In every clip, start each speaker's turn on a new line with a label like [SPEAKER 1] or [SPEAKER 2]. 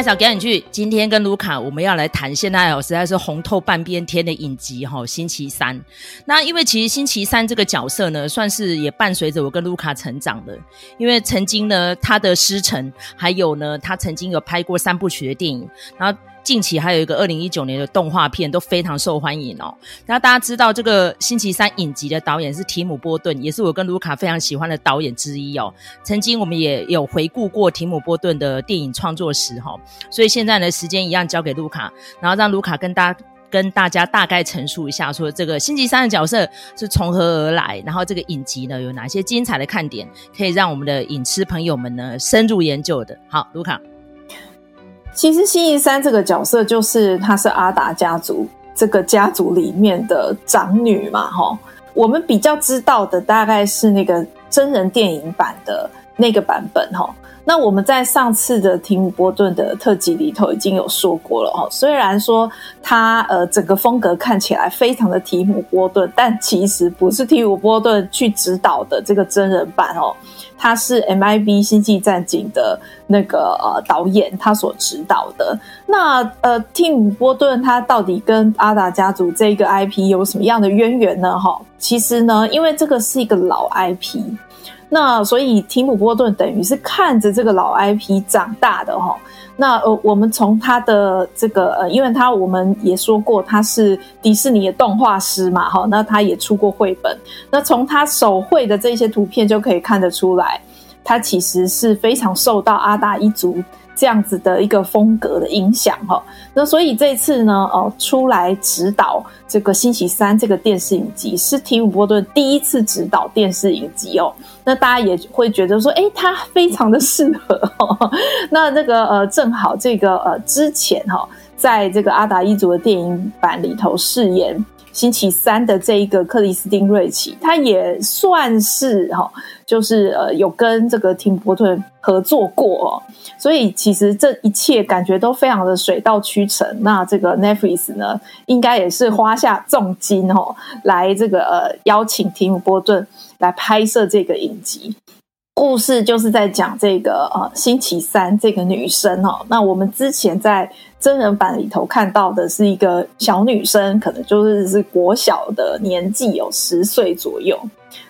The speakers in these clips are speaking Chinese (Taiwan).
[SPEAKER 1] 開始講影劇，今天跟路卡，我們要來談現在哦，實在是紅透半邊天的影集哈。星期三，那因為其實星期三這個角色呢，算是也伴隨着我跟路卡成長的，因為曾經呢他的師承，還有呢他曾經有拍過三部曲的電影，然後。近期還有一個二零一九年的動畫片都非常受歡迎哦。那大家知道這個《星期三》影集的導演是提姆·波頓，也是我跟盧卡非常喜歡的導演之一哦。曾經我們也有回顧過提姆·波頓的電影創作史哈，哦，所以現在呢，時間一樣交給盧卡，然後讓盧卡跟大跟大家大概陳述一下，說這個《星期三》的角色是從何而來，然後這個影集呢有哪些精彩的看點，可以讓我們的影痴朋友們呢深入研究的。好，盧卡。其實，星
[SPEAKER 2] 期三這個角色就是，她是阿達家族這個家族裡面的長女嘛，齁。我們比較知道的大概是那個真人電影版的那個版本，齁。那我們在上次的提姆波頓的特輯裡頭已經有說過了哦，雖然說他呃整個風格看起來非常的提姆波頓，但其實不是提姆波頓去指導的這個真人版哦，他是 MIB 星際戰警的那個呃導演他所指導的。那呃提姆波頓他到底跟阿達家族這個 IP 有什麼樣的淵源呢？哈，其實呢，因為這個是一個老 IP。那所以，提姆·波頓等於是看着這個老 IP 長大的哦，那呃，我們從他的這個呃，因為他我們也說過他是迪士尼的動畫師嘛哈。那他也出過繪本，那從他手繪的這些圖片就可以看得出來，他其實是非常受到阿達一族。這樣子的一個風格的影響哈，那所以這次呢，哦，出來執導這個星期三這個電視影集，是提姆波頓第一次執導電視影集哦，那大家也會覺得說，哎、欸，他非常的適合、哦， 那那個呃，正好這個呃之前哈、哦，在這個阿達一族的電影版裡頭飾演。星期三的這一個克里斯汀瑞奇，他也算是齁，就是呃有跟這個提姆波頓合作過，所以其實這一切感覺都非常的水到渠成。那這個 Netflix 呢，應該也是花下重金哦、喔，來這個呃邀請提姆波頓來拍攝這個影集。故事就是在講這個，哦，星期三這個女生哦，那我們之前在真人版裡頭看到的是一個小女生，可能就是是國小的年紀，哦，有十歲左右。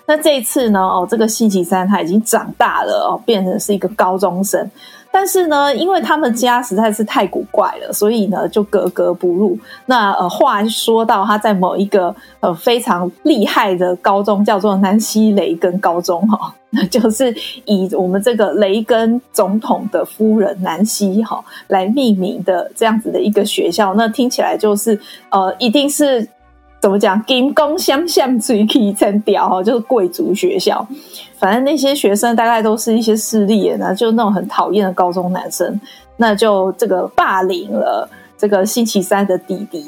[SPEAKER 2] 那這一次呢，哦，這個星期三她已經長大了哦，變成是一個高中生。但是呢，因為他們家實在是太古怪了，所以呢就格格不入。那呃，話說到他在某一個呃非常厲害的高中，叫做南西雷根高中哈，那、哦、就是以我們這個雷根總統的夫人南西哈、哦、來命名的這樣子的一個學校。那聽起來就是呃，一定是。怎麼講？金光相向，最 K 真屌，就是貴族學校，反正那些學生大概都是一些勢利的、啊，然就那種很討厭的高中男生，那就這個霸凌了這個星期三的弟弟。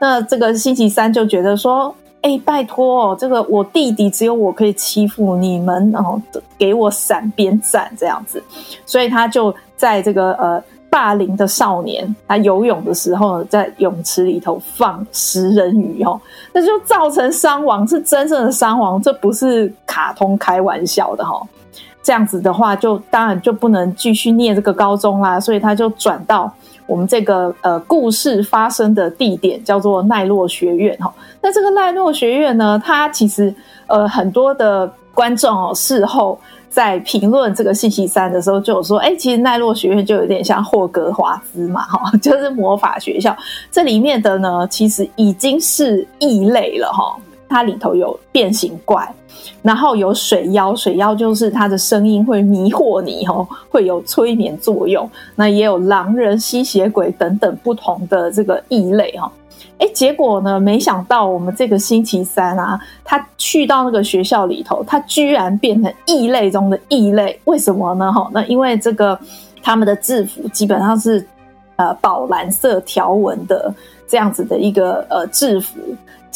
[SPEAKER 2] 那這個星期三就覺得說，誒，拜託，這個我弟弟只有我可以欺負你們，然後給我閃邊站這樣子，所以他就在這個呃。霸凌的少年他游泳的時候在泳池裡頭放食人魚哦，那就造成傷亡，是真正的傷亡，這不是卡通開玩笑的哈。這樣子的話，就當然就不能繼續念這個高中啦，所以他就轉到我們這個呃故事發生的地點，叫做奈洛學院哈。那這個奈洛學院呢，它其實呃很多的觀眾哦，事後。在評論這個星期三的時候，就有說：“哎、欸，其實奈落學院就有點像霍格華茲嘛，哈，就是魔法學校這裡面的呢，其實已經是異類了，哈。”它裡頭有變形怪，然後有水妖，水妖就是它的聲音會迷惑你，會有催眠作用。那也有狼人、吸血鬼等等不同的這個異類。欸，結果呢，沒想到我們這個星期三啊，他去到那個學校裡頭，他居然變成異類中的異類，為什麼呢？那因為這個他們的制服基本上是呃寶藍色條紋的這樣子的一個，呃，制服。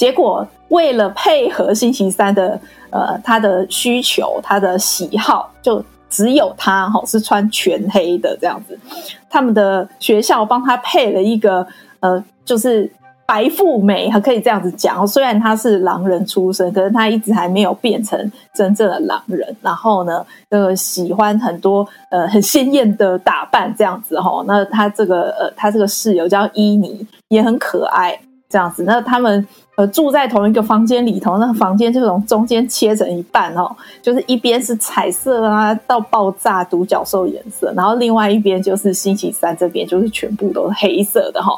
[SPEAKER 2] 結果，為了配合星期三的呃他的需求，他的喜好，就只有他齁是穿全黑的這樣子。他們的學校幫他配了一個呃，就是白富美，還可以這樣子講。雖然他是狼人出身，可是他一直還沒有變成真正的狼人。然後呢，呃、這個，喜歡很多呃很鮮豔的打扮這樣子齁。那他這個呃，他這個室友叫伊妮，也很可愛。這樣子，那他們呃住在同一個房間裡頭，那房間就從中間切成一半哦，就是一邊是彩色啊到爆炸獨角獸顏色，然後另外一邊就是星期三這邊就是全部都是黑色的哈。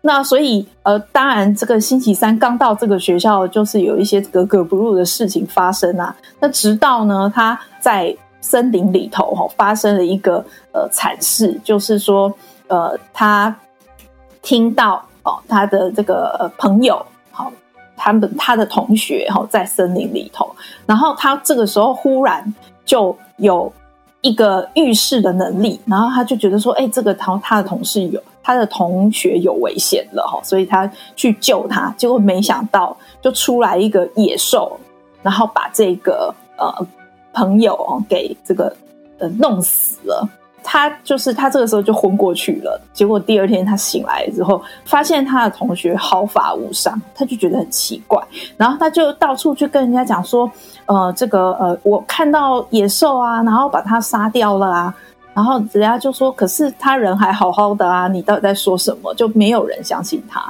[SPEAKER 2] 那所以呃，當然這個星期三剛到這個學校，就是有一些格格不入的事情發生啊。那直到呢，他在森林裡頭哦，發生了一個呃慘事，就是說呃他聽到。哦，他的這個朋友，好，他們他的同學，哈，在森林裡頭。然後他這個時候忽然就有一個預示的能力，然後他就覺得說，哎，這個他他的同事有他的同學有危險了，哈，所以他去救他。結果沒想到，就出來一個野獸，然後把這個呃朋友給這個呃弄死了。他就是他，這個時候就昏過去了。結果第二天他醒來之後，發現他的同學毫髮無傷，他就覺得很奇怪。然後他就到處去跟人家講說：“呃，這個呃，我看到野獸啊，然後把他殺掉了啊。”然後人家就說：“可是他人還好好的啊，你到底在說什麼？”就沒有人相信他。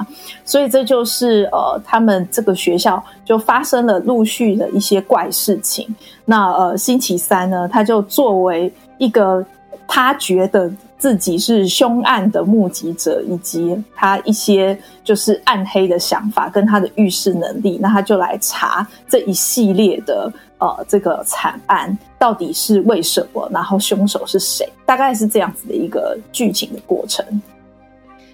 [SPEAKER 2] 所以這就是呃，他們這個學校就發生了陸續的一些怪事情。那呃，星期三呢，他就作為一個。他覺得自己是凶案的目擊者，以及他一些就是暗黑的想法跟他的預示能力，那他就來查這一系列的呃、這個慘案到底是為什麼，然後凶手是誰，大概是這樣子的一個劇情的過程。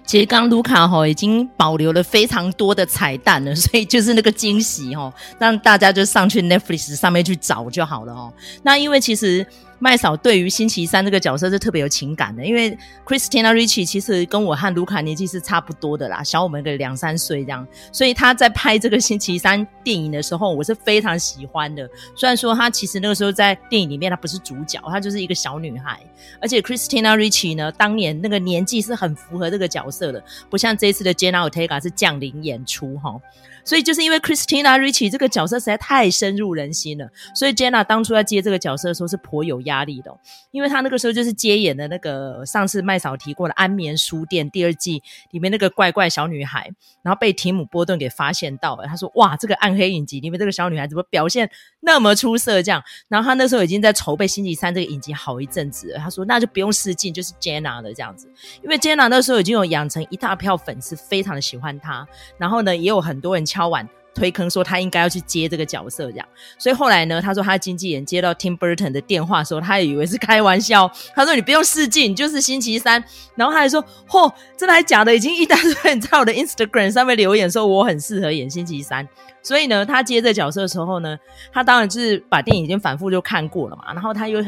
[SPEAKER 2] 其
[SPEAKER 1] 實剛剛盧卡哈、哦、已經保留了非常多的彩蛋了，所以就是那個驚喜哈、哦，讓大家就上去 Netflix 上面去找就好了哦。那因為其實。麥嫂對於星期三這個角色是特別有情感的，因為 Christina Ricci 其實跟我和盧卡年紀是差不多的啦，小我們個兩三歲這樣，所以他在拍這個星期三電影的時候，我是非常喜歡的。雖然說他其實那個時候在電影裡面他不是主角，他就是一個小女孩，而且 Christina Ricci 呢，當年那個年紀是很符合這個角色的，不像這一次的 Jenna Ortega 是降齡演出哈。所以就是因為 Christina Ricci 這個角色實在太深入人心了，所以 Jenna 當初要接這個角色的時候是頗有壓力的哦，因為她那個時候就是接演的那個上次麥嫂提過的《安眠書店》第二季裡面那個怪怪小女孩，然後被提姆波頓給發現到了，他說：“哇，這個暗黑影集裡面這個小女孩怎麼表現那麼出色？”這樣，然後他那時候已經在籌備《星期三》這個影集好一陣子了，他說：“那就不用試鏡，就是 Jenna 的這樣子，因為 Jenna 那時候已經有養成一大票粉絲，非常的喜歡她，然後呢，也有很多人。”敲碗推坑說他應該要去接這個角色，這樣。所以後來呢，他說他經紀人接到 Tim Burton 的電話的時候，他也以為是開玩笑。他說，你不用試鏡，就是星期三。然後他還說，嚯，真的還假的？已經一大堆人在我的 Instagram 上面留言說我很適合演星期三。所以呢，他接這個角色的時候呢，他當然就是把電影已經反覆就看過了嘛。然後他又。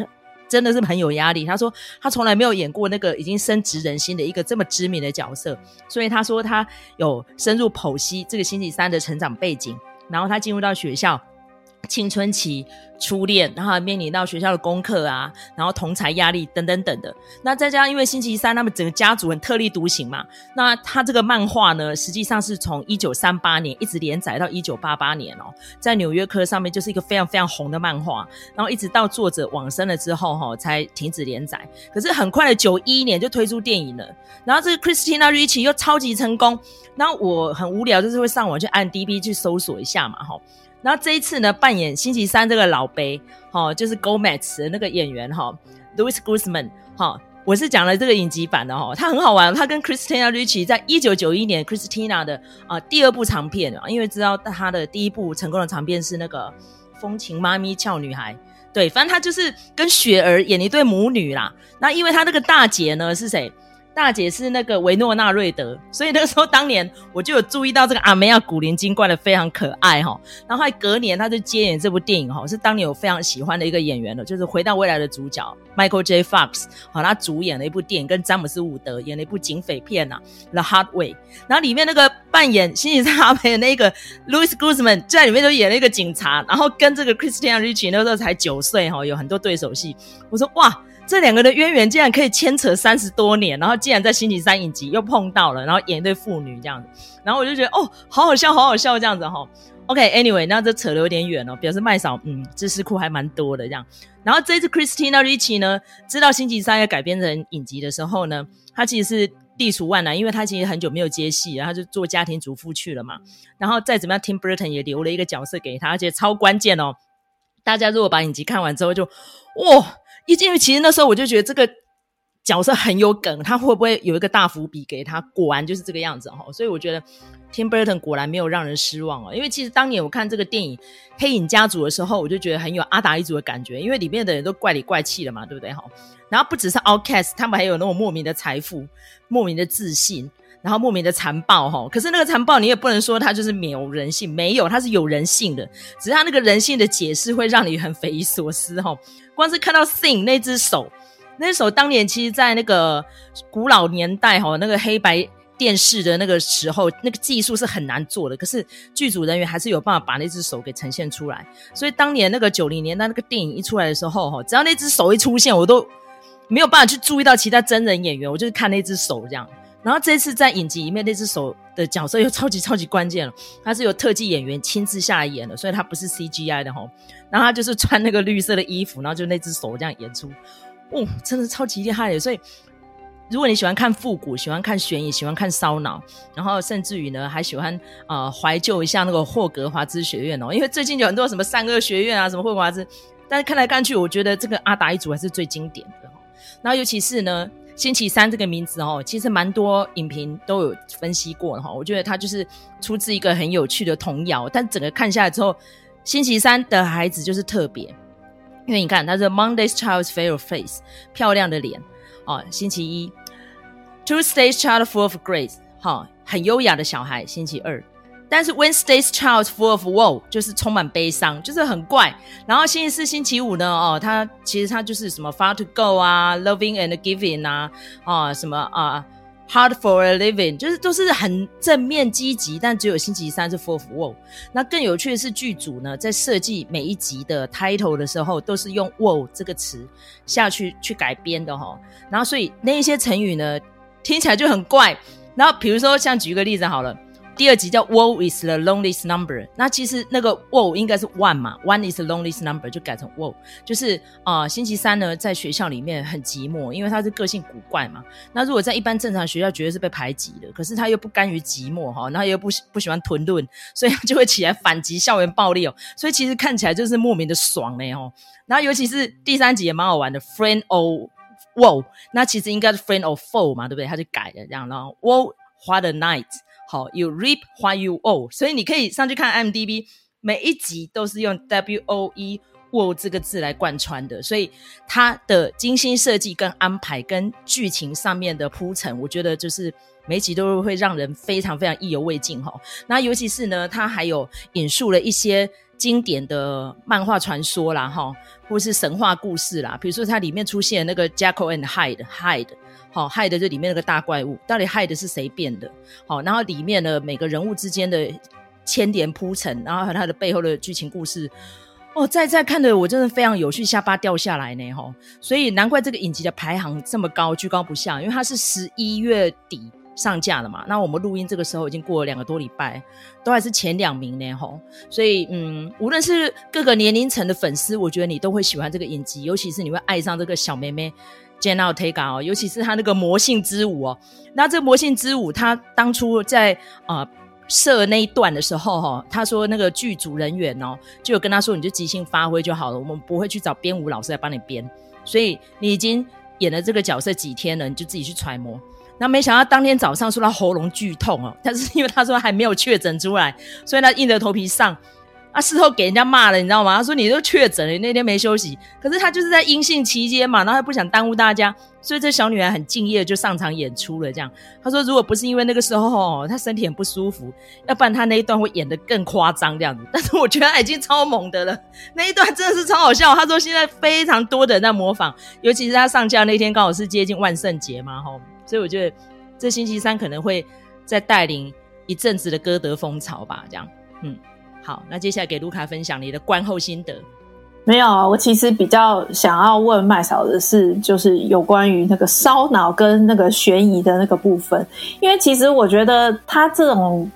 [SPEAKER 1] 真的是很有壓力。他說他從來沒有演過那個已經深植人心的一個這麼知名的角色，所以他說他有深入剖析這個星期三的成長背景，然後他進入到學校。青春期、初戀，然後面臨到學校的功課啊，然後同儕壓力等等等的。那再加上因為星期三，他們整個家族很特立獨行嘛。那他這個漫畫呢，實際上是從一九三八年一直連載到一九八八年哦，在《紐約客》上面就是一個非常非常紅的漫畫，然後一直到作者往生了之後、哦，哈，才停止連載。可是很快的九一年就推出電影了，然後這個 Christina Ricci 又超級成功。那我很無聊，就是會上網去 IMDb 去搜索一下嘛、哦，哈。那這一次呢，扮演星期三這個老杯，哈、哦，就是 Gomez 的那個演員哈、哦，Luis Guzman 哈、哦，我是講了這個影集版的哈、哦，他很好玩，他跟 Christina Ricci 在一九九一年 Christina 的啊、呃、第二部長片，因為知道他的第一部成功的長片是那個風情媽咪俏女孩，對，反正他就是跟雪兒演一對母女啦。那因為他這個大姐呢是誰？大姐是那個維諾娜瑞德，所以那個時候當年我就有注意到這個阿梅亞古靈精怪的非常可愛哈。然後還隔年她就接演這部電影哈，是當年我非常喜歡的一個演員了，就是《回到未來》的主角 Michael J. Fox，和他主演了一部電影，跟詹姆斯·伍德演了一部警匪片吶、啊，《The Hard Way》。然後裡面那個扮演星期三阿梅的那個 Louis Guzman 在裡面都演了一個警察，然後跟這個 Christian Ricci 那時候才九歲哈，有很多對手戲。我說哇。這兩個的淵源竟然可以牽扯三十多年，然後竟然在《星期三》影集又碰到了，然後演一對父女這樣子，然後我就覺得哦，好好笑，好好笑這樣子哈。OK，anyway，、okay, 那這扯得有點遠了，哦，表示麥嫂嗯知識庫還蠻多的這樣。然後這一次 Christina Ricci 呢，知道《星期三》要改編成影集的時候呢，她其實是地除萬難，因為她其實很久沒有接戲，然後就做家庭主婦去了嘛。然後再怎麼樣，Tim Burton 也留了一個角色給她，而且超關鍵哦。大家如果把影集看完之後就，就、哦、哇。一進去，其實那時候我就覺得這個角色很有梗，他會不會有一個大伏筆給他？果然就是這個樣子哦，所以我覺得 Tim Burton 果然沒有讓人失望哦。因為其實當年我看這個電影《黑影家族》的時候，我就覺得很有阿達一族的感覺，因為裡面的人都怪裡怪氣的嘛，對不對哈？然後不只是 Outcast，他們還有那種莫名的財富、莫名的自信。然後莫名的殘暴哈，可是那個殘暴你也不能說他就是沒有人性，沒有他是有人性的，只是他那個人性的解釋會讓你很匪夷所思哈。光是看到 Thing 那隻手，那隻手當年其實在那個古老年代哈，那個黑白電視的那個時候，那個技術是很難做的，可是劇組人員還是有辦法把那隻手給呈現出來。所以當年那個九零年代那個電影一出來的時候哈，只要那隻手一出現，我都沒有辦法去注意到其他真人演員，我就是看那隻手這樣。然後這次在影集裡面，那只手的角色又超級超級關鍵了，他是由特技演員親自下來演的，所以他不是 CGI 的吼。然後他就是穿那個綠色的衣服，然後就那只手這樣演出，哦，真的超級厲害耶！所以如果你喜歡看復古，喜歡看懸疑，喜歡看燒腦，然後甚至於呢還喜歡呃懷舊一下那個霍格華茲學院哦，因為最近有很多什麼善惡學院啊，什麼霍格華茲，但是看來看去，我覺得這個阿達一族還是最經典的。然後尤其是呢。星期三這個名字哦，其實蠻多影評都有分析過哈、哦。我覺得它就是出自一個很有趣的童謠，但整個看下來之後，星期三的孩子就是特別，因為你看他說 Monday's child's fair face，漂亮的臉啊、哦。星期一,一，Tuesday's child full of grace，哈、哦，很優雅的小孩。星期二。但是 Wednesday's Child full of woe 就是充滿悲傷，就是很怪。然後星期四、星期五呢，哦，它其實它就是什麼 far to go 啊，loving and giving 啊，啊什麼啊，hard for a living，就是都是很正面積極。但只有星期三是 full of woe。那更有趣的是，劇組呢在設計每一集的 title 的時候，都是用 woe 這個詞下去去改編的哈、哦。然後所以那一些成語呢，聽起來就很怪。然後比如說，像舉個例子好了。第二集叫 "Woe is the loneliest number？" 那其實那個 Woe 應該是 "One" 嘛，"One is the loneliest number" 就改成 "Woe"，就是啊、呃，星期三呢，在學校裡面很寂寞，因為他是個性古怪嘛。那如果在一般正常學校，絕對是被排擠的。可是他又不甘於寂寞哈，然後又不不喜歡吞頓，所以就會起來反擊校園暴力哦。所以其實看起來就是莫名的爽嘞哦。然後尤其是第三集也蠻好玩的，"Friend or Woe"，那其實應該是 "Friend or foe" 嘛，對不對？他就改了這樣，然後 "Woe, what a night"。.好，You reap what you woe 所以你可以上去看 M D B，每一集都是用 W O E W O 這個字來貫穿的，所以它的精心設計跟安排跟劇情上面的鋪陳，我覺得就是每一集都會讓人非常非常意猶未盡哈。那尤其是呢，它還有引述了一些。經典的漫畫傳說啦，哈，或是神話故事啦，比如說它裡面出現那個 Jekyll and Hyde，Hyde，好，Hyde 這、哦、裡面那個大怪物，到底 Hyde 是誰變的？好、哦，然後裡面的每個人物之間的牽連鋪陳，然後它的背後的劇情故事，哦，在在看的我真的非常有趣，下巴掉下來呢，哈、哦，所以難怪這個影集的排行這麼高，居高不下，因為它是十一月底，上架了嘛？那我們錄音這個時候已經過了兩個多禮拜，都還是前兩名呢，吼！所以，嗯，無論是各個年齡層的粉絲，我覺得你都會喜歡這個影集，尤其是你會愛上這個小妹妹 Jane t t a k e 尤其是她那個魔性之舞哦。那這魔性之舞，她當初在啊設、呃、那一段的時候，哦，哈，她說那個劇組人員哦，就有跟她說，你就即興發揮就好了，我們不會去找編舞老師來幫你編，所以你已經演了這個角色幾天了，你就自己去揣摩。那沒想到當天早上，說他喉嚨巨痛哦，但是因為他說還沒有確診出來，所以他硬着頭皮上。他、啊、事後給人家罵了，你知道嗎？他說你都確診了，你那天沒休息。可是他就是在陰性期間嘛，然後他不想耽誤大家，所以這小女孩很敬業，就上場演出了。這樣，他說如果不是因為那個時候他、哦、身體很不舒服，要不然他那一段會演得更誇張這樣子。但是我覺得他已經超猛的了，那一段真的是超好笑。他說現在非常多的人在模仿，尤其是他上架那天剛好是接近萬聖節嘛，哈，所以我覺得這星期三可能會再帶領一陣子的歌德風潮吧。這樣，嗯。好，那接下來給路卡分享你的觀後心得。
[SPEAKER 2] 沒有，我其實比較想要問麥嫂的是，就是有關於那個燒腦跟那個懸疑的那個部分，因為其實我覺得他這種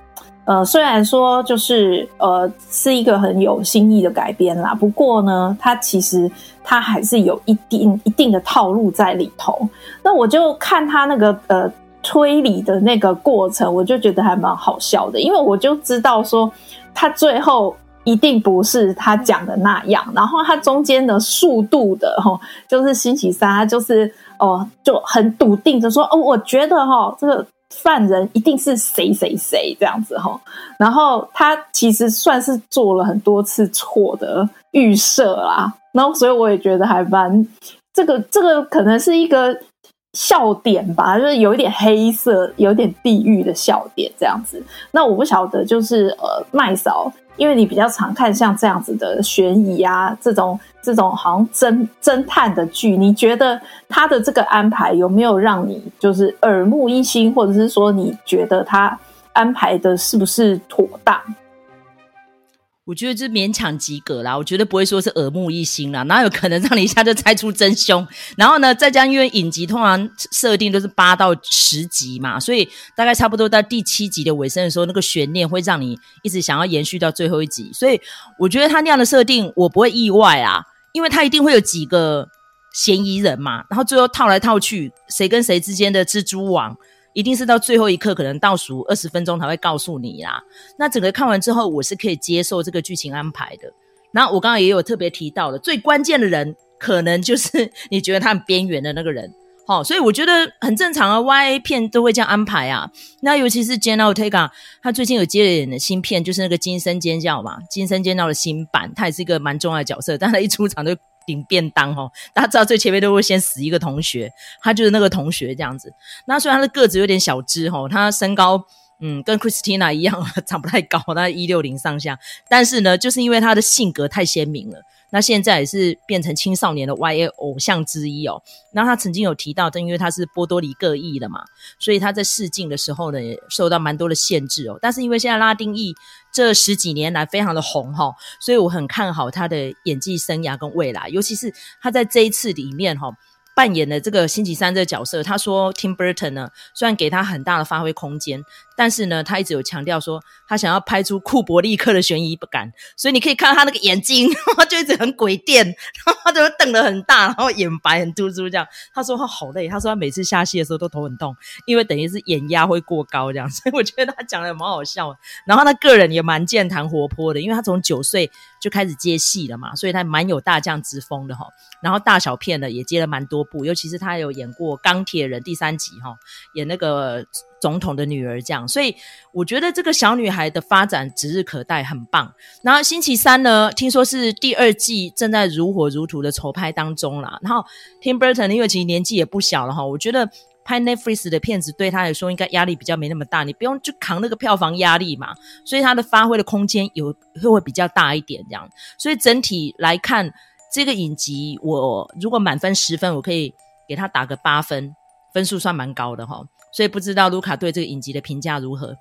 [SPEAKER 2] 呃，雖然說就是呃是一個很有新意的改編啦，不過呢，他其實他還是有一定一定的套路在裡頭。那我就看他那個呃。推理的那個過程，我就覺得還蠻好笑的，因為我就知道說他最後一定不是他講的那樣，然後他中間的速度的就是星期三，他就是哦就很篤定的說哦，我覺得哈、哦、這個犯人一定是誰誰誰這樣子哈，然後他其實算是做了很多次錯的預設啦，然後所以我也覺得還蠻這個這個可能是一個笑點吧，就是有一點黑色，有點地獄的笑點這樣子。那我不曉得，就是呃，麥嫂，因為你比較常看像這樣子的懸疑啊，這種這種好像偵偵探的劇，你覺得他的這個安排有沒有讓你就是耳目一新，或者是說你覺得他安排的是不是妥當？
[SPEAKER 1] 我覺得就勉強及格啦，我覺得不會說是耳目一新啦，哪有可能讓你一下就猜出真兇？然後呢，再加上因為影集通常設定都是八到十集嘛，所以大概差不多到第七集的尾聲的時候，那個懸念會讓你一直想要延續到最後一集。所以我覺得他那樣的設定，我不會意外啊，因為他一定會有幾個嫌疑人嘛，然後最後套來套去，誰跟誰之間的蜘蛛網。一定是到最後一刻，可能倒數二十分鐘才會告訴你啦。那整個看完之後，我是可以接受這個劇情安排的。然後我剛剛也有特別提到的，最關鍵的人可能就是你覺得他很邊緣的那個人。好、哦，所以我覺得很正常啊，YA 片都會這樣安排啊。那尤其是 Jenna Ortega，他最近有接演的新片就是那個金嘛《驚聲尖叫》嘛，《驚聲尖叫》的新版，他也是一個蠻重要的角色，但他一出場就。領便當哦，大家知道最前面都會先死一個同學，他就是那個同學這樣子。那雖然他的個子有點小只哦，他身高嗯跟 Christina 一樣，長不太高，他在一六零上下。但是呢，就是因為他的性格太鮮明了，那現在也是變成青少年的 Y A 偶像之一哦。然後他曾經有提到，但因為他是波多黎各裔的嘛，所以他在試鏡的時候呢，也受到蠻多的限制哦。但是因為現在拉丁裔。這十幾年來非常的紅哈、哦，所以我很看好他的演技生涯跟未來，尤其是他在這一次裡面哈、哦，扮演的這個星期三這個角色，他說 Tim Burton 呢，雖然給他很大的發揮空間。但是呢，他一直有強調說，他想要拍出庫伯利克的懸疑感。所以你可以看到他那個眼睛，就一直很鬼電，然後他就瞪得很大，然後眼白很嘟嘟這樣。他說他好累，他說他每次下戲的時候都頭很痛，因為等於是眼壓會過高這樣。所以我覺得他講的蠻好笑。然後他個人也蠻健談活潑的，因為他從九歲就開始接戲了嘛，所以他蠻有大將之風的哈、哦。然後大小片的也接了蠻多部，尤其是他有演過《鋼鐵人》第三集哈、哦，演那個。總統的女兒這樣，所以我覺得這個小女孩的發展指日可待，很棒。然後星期三呢，聽說是第二季正在如火如荼的籌拍當中啦。然後 Tim Burton 因為其實年紀也不小了哈，我覺得拍 Netflix 的片子對他來說應該壓力比較沒那麼大，你不用去扛那個票房壓力嘛，所以他的發揮的空間有會會比較大一點這樣。所以整體來看，這個影集我如果滿分十分，我可以給他打個八分，分數算蠻高的哈。所以不知道盧卡對這個影集的評價如何？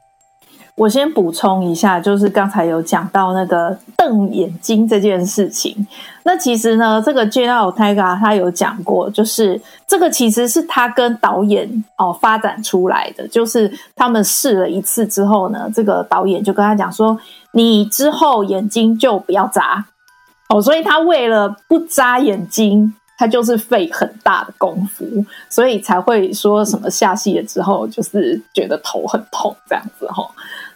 [SPEAKER 2] 我先補充一下，就是剛才有講到那個瞪眼睛這件事情。那其實呢，這個 Jenna Ortega 他有講過，就是這個其實是他跟導演哦發展出來的，就是他們試了一次之後呢，這個導演就跟他講說：“你之後眼睛就不要眨哦。”所以他為了不眨眼睛，他就是費很大的功夫，所以才會說什麼下戲了之後，嗯，就是覺得頭很痛這樣子哈。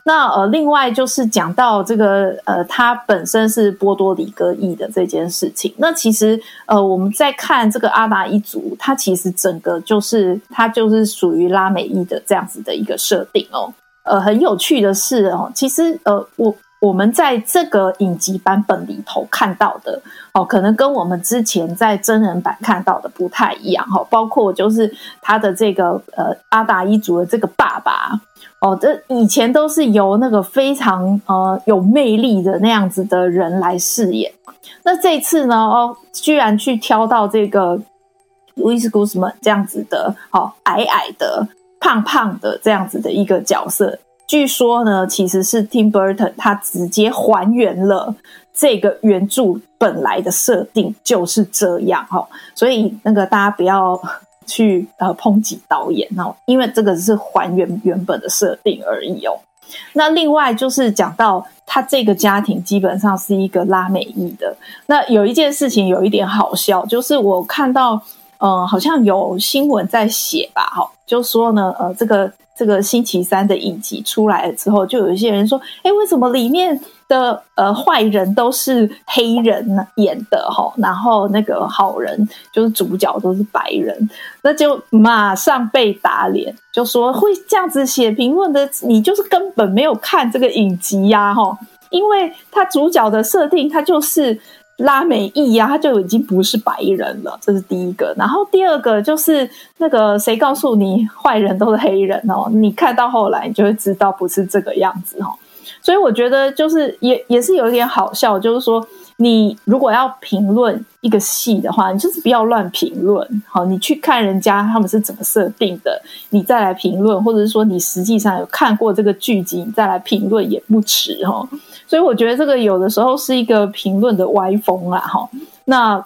[SPEAKER 2] 那呃，另外就是講到這個呃，他本身是波多黎各裔的這件事情，那其實呃，我們在看這個阿達一族，它其實整個就是它就是屬於拉美裔的這樣子的一個設定哦、喔。呃，很有趣的是哦，其實呃我。我們在這個影集版本裡頭看到的，哦，可能跟我們之前在真人版看到的不太一樣哈、哦。包括就是他的這個呃阿達一族的這個爸爸哦，這以前都是由那個非常呃有魅力的那樣子的人來飾演，那這次呢哦，居然去挑到這個 Luis Guzmán 這樣子的，好、哦、矮矮的、胖胖的這樣子的一個角色。據說呢，其實是 Tim Burton，他直接還原了這個原著本來的設定就是這樣哦，所以那個大家不要去呃抨擊導演哦，因為這個只是還原原本的設定而已哦。那另外就是講到他這個家庭基本上是一個拉美裔的，那有一件事情有一點好笑，就是我看到。嗯，好像有新聞在寫吧，哈，就說呢，呃，這個這個星期三的影集出來了之後，就有一些人說，哎，為什麼裡面的呃壞人都是黑人演的，哈，然後那個好人就是主角都是白人，那就馬上被打臉，就說會這樣子寫評論的，你就是根本沒有看這個影集呀，哈，因為它主角的設定，它就是。拉美裔呀、啊，他就已經不是白人了，這是第一個。然後第二個就是那個誰告訴你壞人都是黑人哦？你看到後來，你就會知道不是這個樣子哦。所以我覺得就是也也是有一點好笑，就是說。你如果要評論一個戲的話，你就是不要亂評論，好，你去看人家他們是怎麼設定的，你再來評論，或者是說你實際上有看過這個劇集，你再來評論也不遲哈、哦。所以我覺得這個有的時候是一個評論的歪風啊，哈、哦。那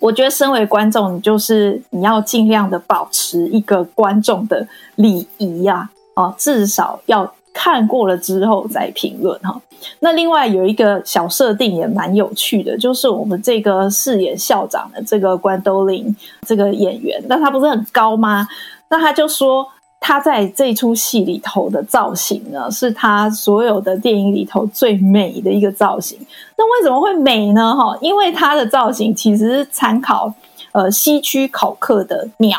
[SPEAKER 2] 我覺得身為觀眾，你就是你要盡量的保持一個觀眾的禮儀呀、啊，啊、哦，至少要。看過了之後再評論哈、哦。那另外有一個小設定也蠻有趣的，就是我們這個飾演校長的這個關朵琳這個演員，那他不是很高嗎？那他就說他在這一出戲裡頭的造型呢，是他所有的電影裡頭最美的一個造型。那為什麼會美呢？哈，因為他的造型其實是參考呃希區考克的鳥。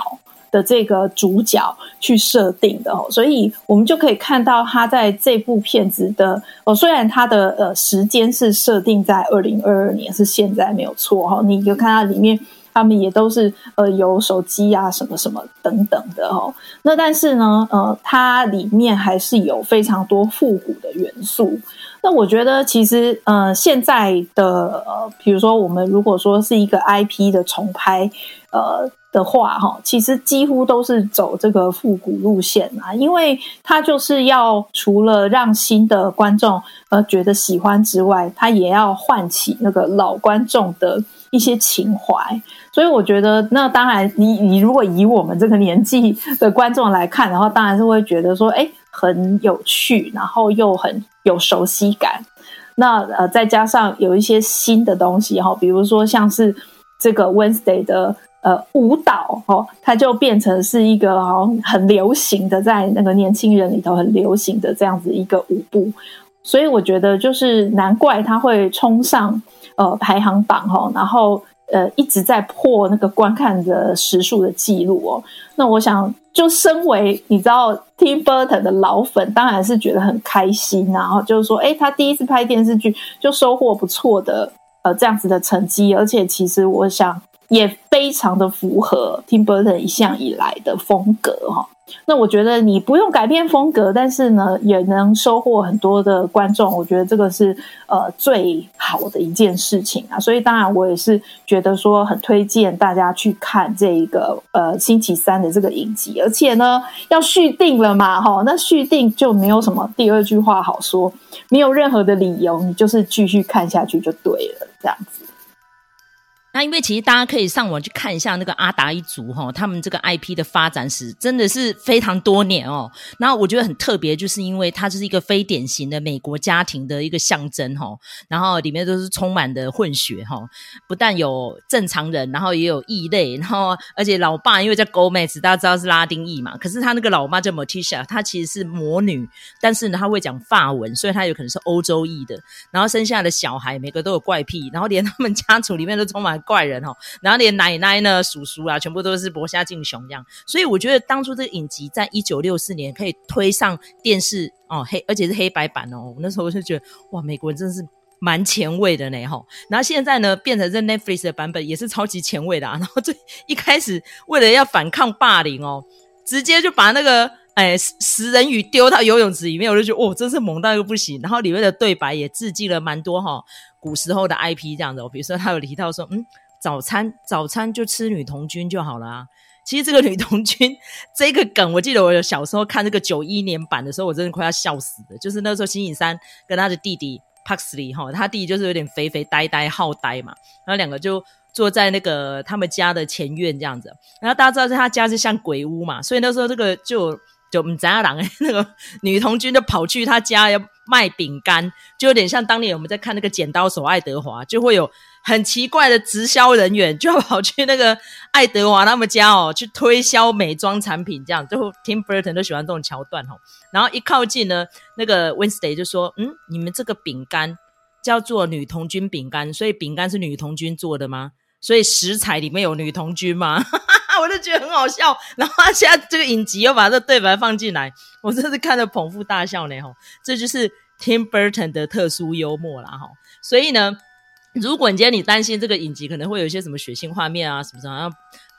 [SPEAKER 2] 的這個主角去設定的哦，所以我們就可以看到他在這部片子，的哦，雖然他的呃時間是設定在二零二二年，是現在沒有錯哦，你就看它裡面，他們也都是，呃，有手機啊什麼什麼等等的哦。那但是呢，呃，它裡面還是有非常多復古的元素。那我覺得其實呃，現在的，呃，比如說我們如果說是一個 IP 的重拍，呃。的話，哈，其實幾乎都是走這個復古路線啊，因為它就是要除了讓新的觀眾呃覺得喜歡之外，它也要喚起那個老觀眾的一些情懷。所以我覺得，那當然你，你你如果以我們這個年紀的觀眾來看的話，當然是會覺得說，哎，很有趣，然後又很有熟悉感。那呃，再加上有一些新的東西哈，比如說像是這個 Wednesday 的。呃，舞蹈哦，它就變成是一個很流行的，在那個年輕人裡頭很流行的這樣子一個舞步，所以我覺得就是難怪他會衝上呃排行榜哦，然後呃一直在破那個觀看的時數的記錄哦。那我想，就身為你知道 Tim Burton 的老粉，當然是覺得很開心啊，然後就是說，哎，他第一次拍電視劇就收穫不錯的呃這樣子的成績，而且其實我想。也非常的符合 Tim Burton 一向以來的風格哈、哦，那我覺得你不用改變風格，但是呢，也能收穫很多的觀眾，我覺得這個是呃最好的一件事情啊，所以當然我也是覺得說很推薦大家去看這一個呃星期三的這個影集，而且呢要續定了嘛哈、哦，那續定就沒有什麼第二句話好說，沒有任何的理由，你就是繼續看下去就對了，這樣子。
[SPEAKER 1] 那因為其實大家可以上網去看一下那個阿達一族哈、哦，他們這個 IP 的發展史真的是非常多年哦。然後我覺得很特別，就是因為它就是一個非典型的美國家庭的一個象徵哈、哦。然後裡面都是充滿的混血哈、哦，不但有正常人，然後也有異類，然後而且老爸因為叫 Gomez，大家知道是拉丁裔嘛，可是他那個老媽叫 Morticia，她其實是魔女，但是呢，她會講法文，所以她有可能是歐洲裔的。然後生下的小孩每個都有怪癖，然後連他們家族裡面都充滿。怪人哈、哦，然後連奶奶呢、叔叔啊，全部都是博蝦敬雄一樣，所以我覺得當初這個影集在一九六四年可以推上電視哦，黑而且是黑白版哦，我那時候我就覺得哇，美國人真的是蠻前衛的呢哈、哦。然後現在呢，變成這 Netflix 的版本也是超級前衛的啊，然後最一開始為了要反抗霸凌哦，直接就把那個。哎，食人魚丟到游泳池裡面，我就覺得哦，真是萌到又不行。然後裡面的對白也致敬了蠻多哈、哦，古時候的 IP 這樣子。比如說他有提到說，嗯，早餐早餐就吃女童軍就好了、啊、其實這個女童軍這個梗，我記得我有小時候看那個九一年版的時候，我真的快要笑死了。就是那時候星期三跟他的弟弟 Pugsley 哈、哦，他弟弟就是有點肥肥呆呆好呆嘛，然後兩個就坐在那個他們家的前院這樣子。然後大家知道他家是像鬼屋嘛，所以那時候這個就。我們張家郎那個女童軍就跑去他家要賣餅乾，就有點像當年我們在看那個《剪刀手愛德華》，就會有很奇怪的直銷人員，就要跑去那個愛德華他們家哦、喔，去推銷美妝產品，這樣最後 Tim Burton 都喜歡這種橋段吼。然後一靠近呢，那個 Wednesday 就說：“嗯，你們這個餅乾叫做女童軍餅乾，所以餅乾是女童軍做的嗎？所以食材裡面有女童軍嗎？”哈哈。我就覺得很好笑，然後他現在這個影集又把這對白放進來，我真是看得捧腹大笑呢！這就是 Tim Burton 的特殊幽默啦，所以呢，如果你今天你擔心這個影集可能會有一些什麼血腥畫面啊，什麼什麼，啊，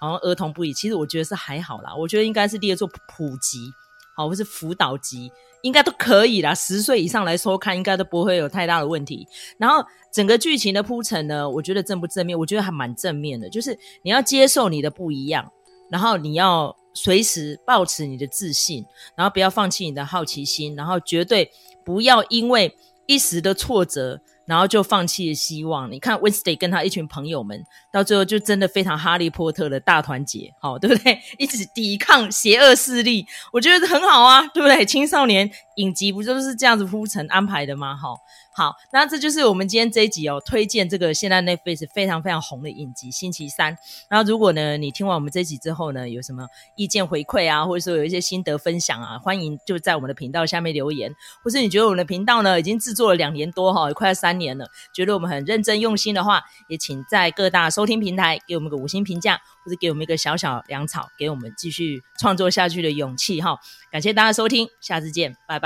[SPEAKER 1] 好像兒童不宜，其實我覺得是還好啦，我覺得應該是列作普及，好，或是輔導級。應該都可以啦，十歲以上來說看應該都不會有太大的問題。然後整個劇情的鋪陳呢，我覺得正不正面？我覺得還蠻正面的。就是你要接受你的不一樣，然後你要隨時保持你的自信，然後不要放棄你的好奇心，然後絕對不要因為一時的挫折。然後就放棄了希望。你看 Wednesday 跟他一群朋友們，到最後就真的非常哈利波特的大團結，齁，對不對？一直抵抗邪惡勢力，我覺得很好啊，對不對？青少年。影集不就是這樣子鋪陳安排的嗎？哈，好，那這就是我們今天這一集哦，推薦這個現在那 f a c e 非常非常紅的影集《星期三》。那如果呢，你聽完我們這一集之後呢，有什麼意見回饋啊，或者說有一些心得分享啊，歡迎就在我們的頻道下面留言。或是你覺得我們的頻道呢，已經制作了兩年多哈、哦，也快要三年了，覺得我們很認真用心的話，也請在各大收聽平台給我們個五星評價，或者給我們一個小小糧草，給我們繼續創作下去的勇氣哈、哦。感謝大家收聽，下次見，拜拜。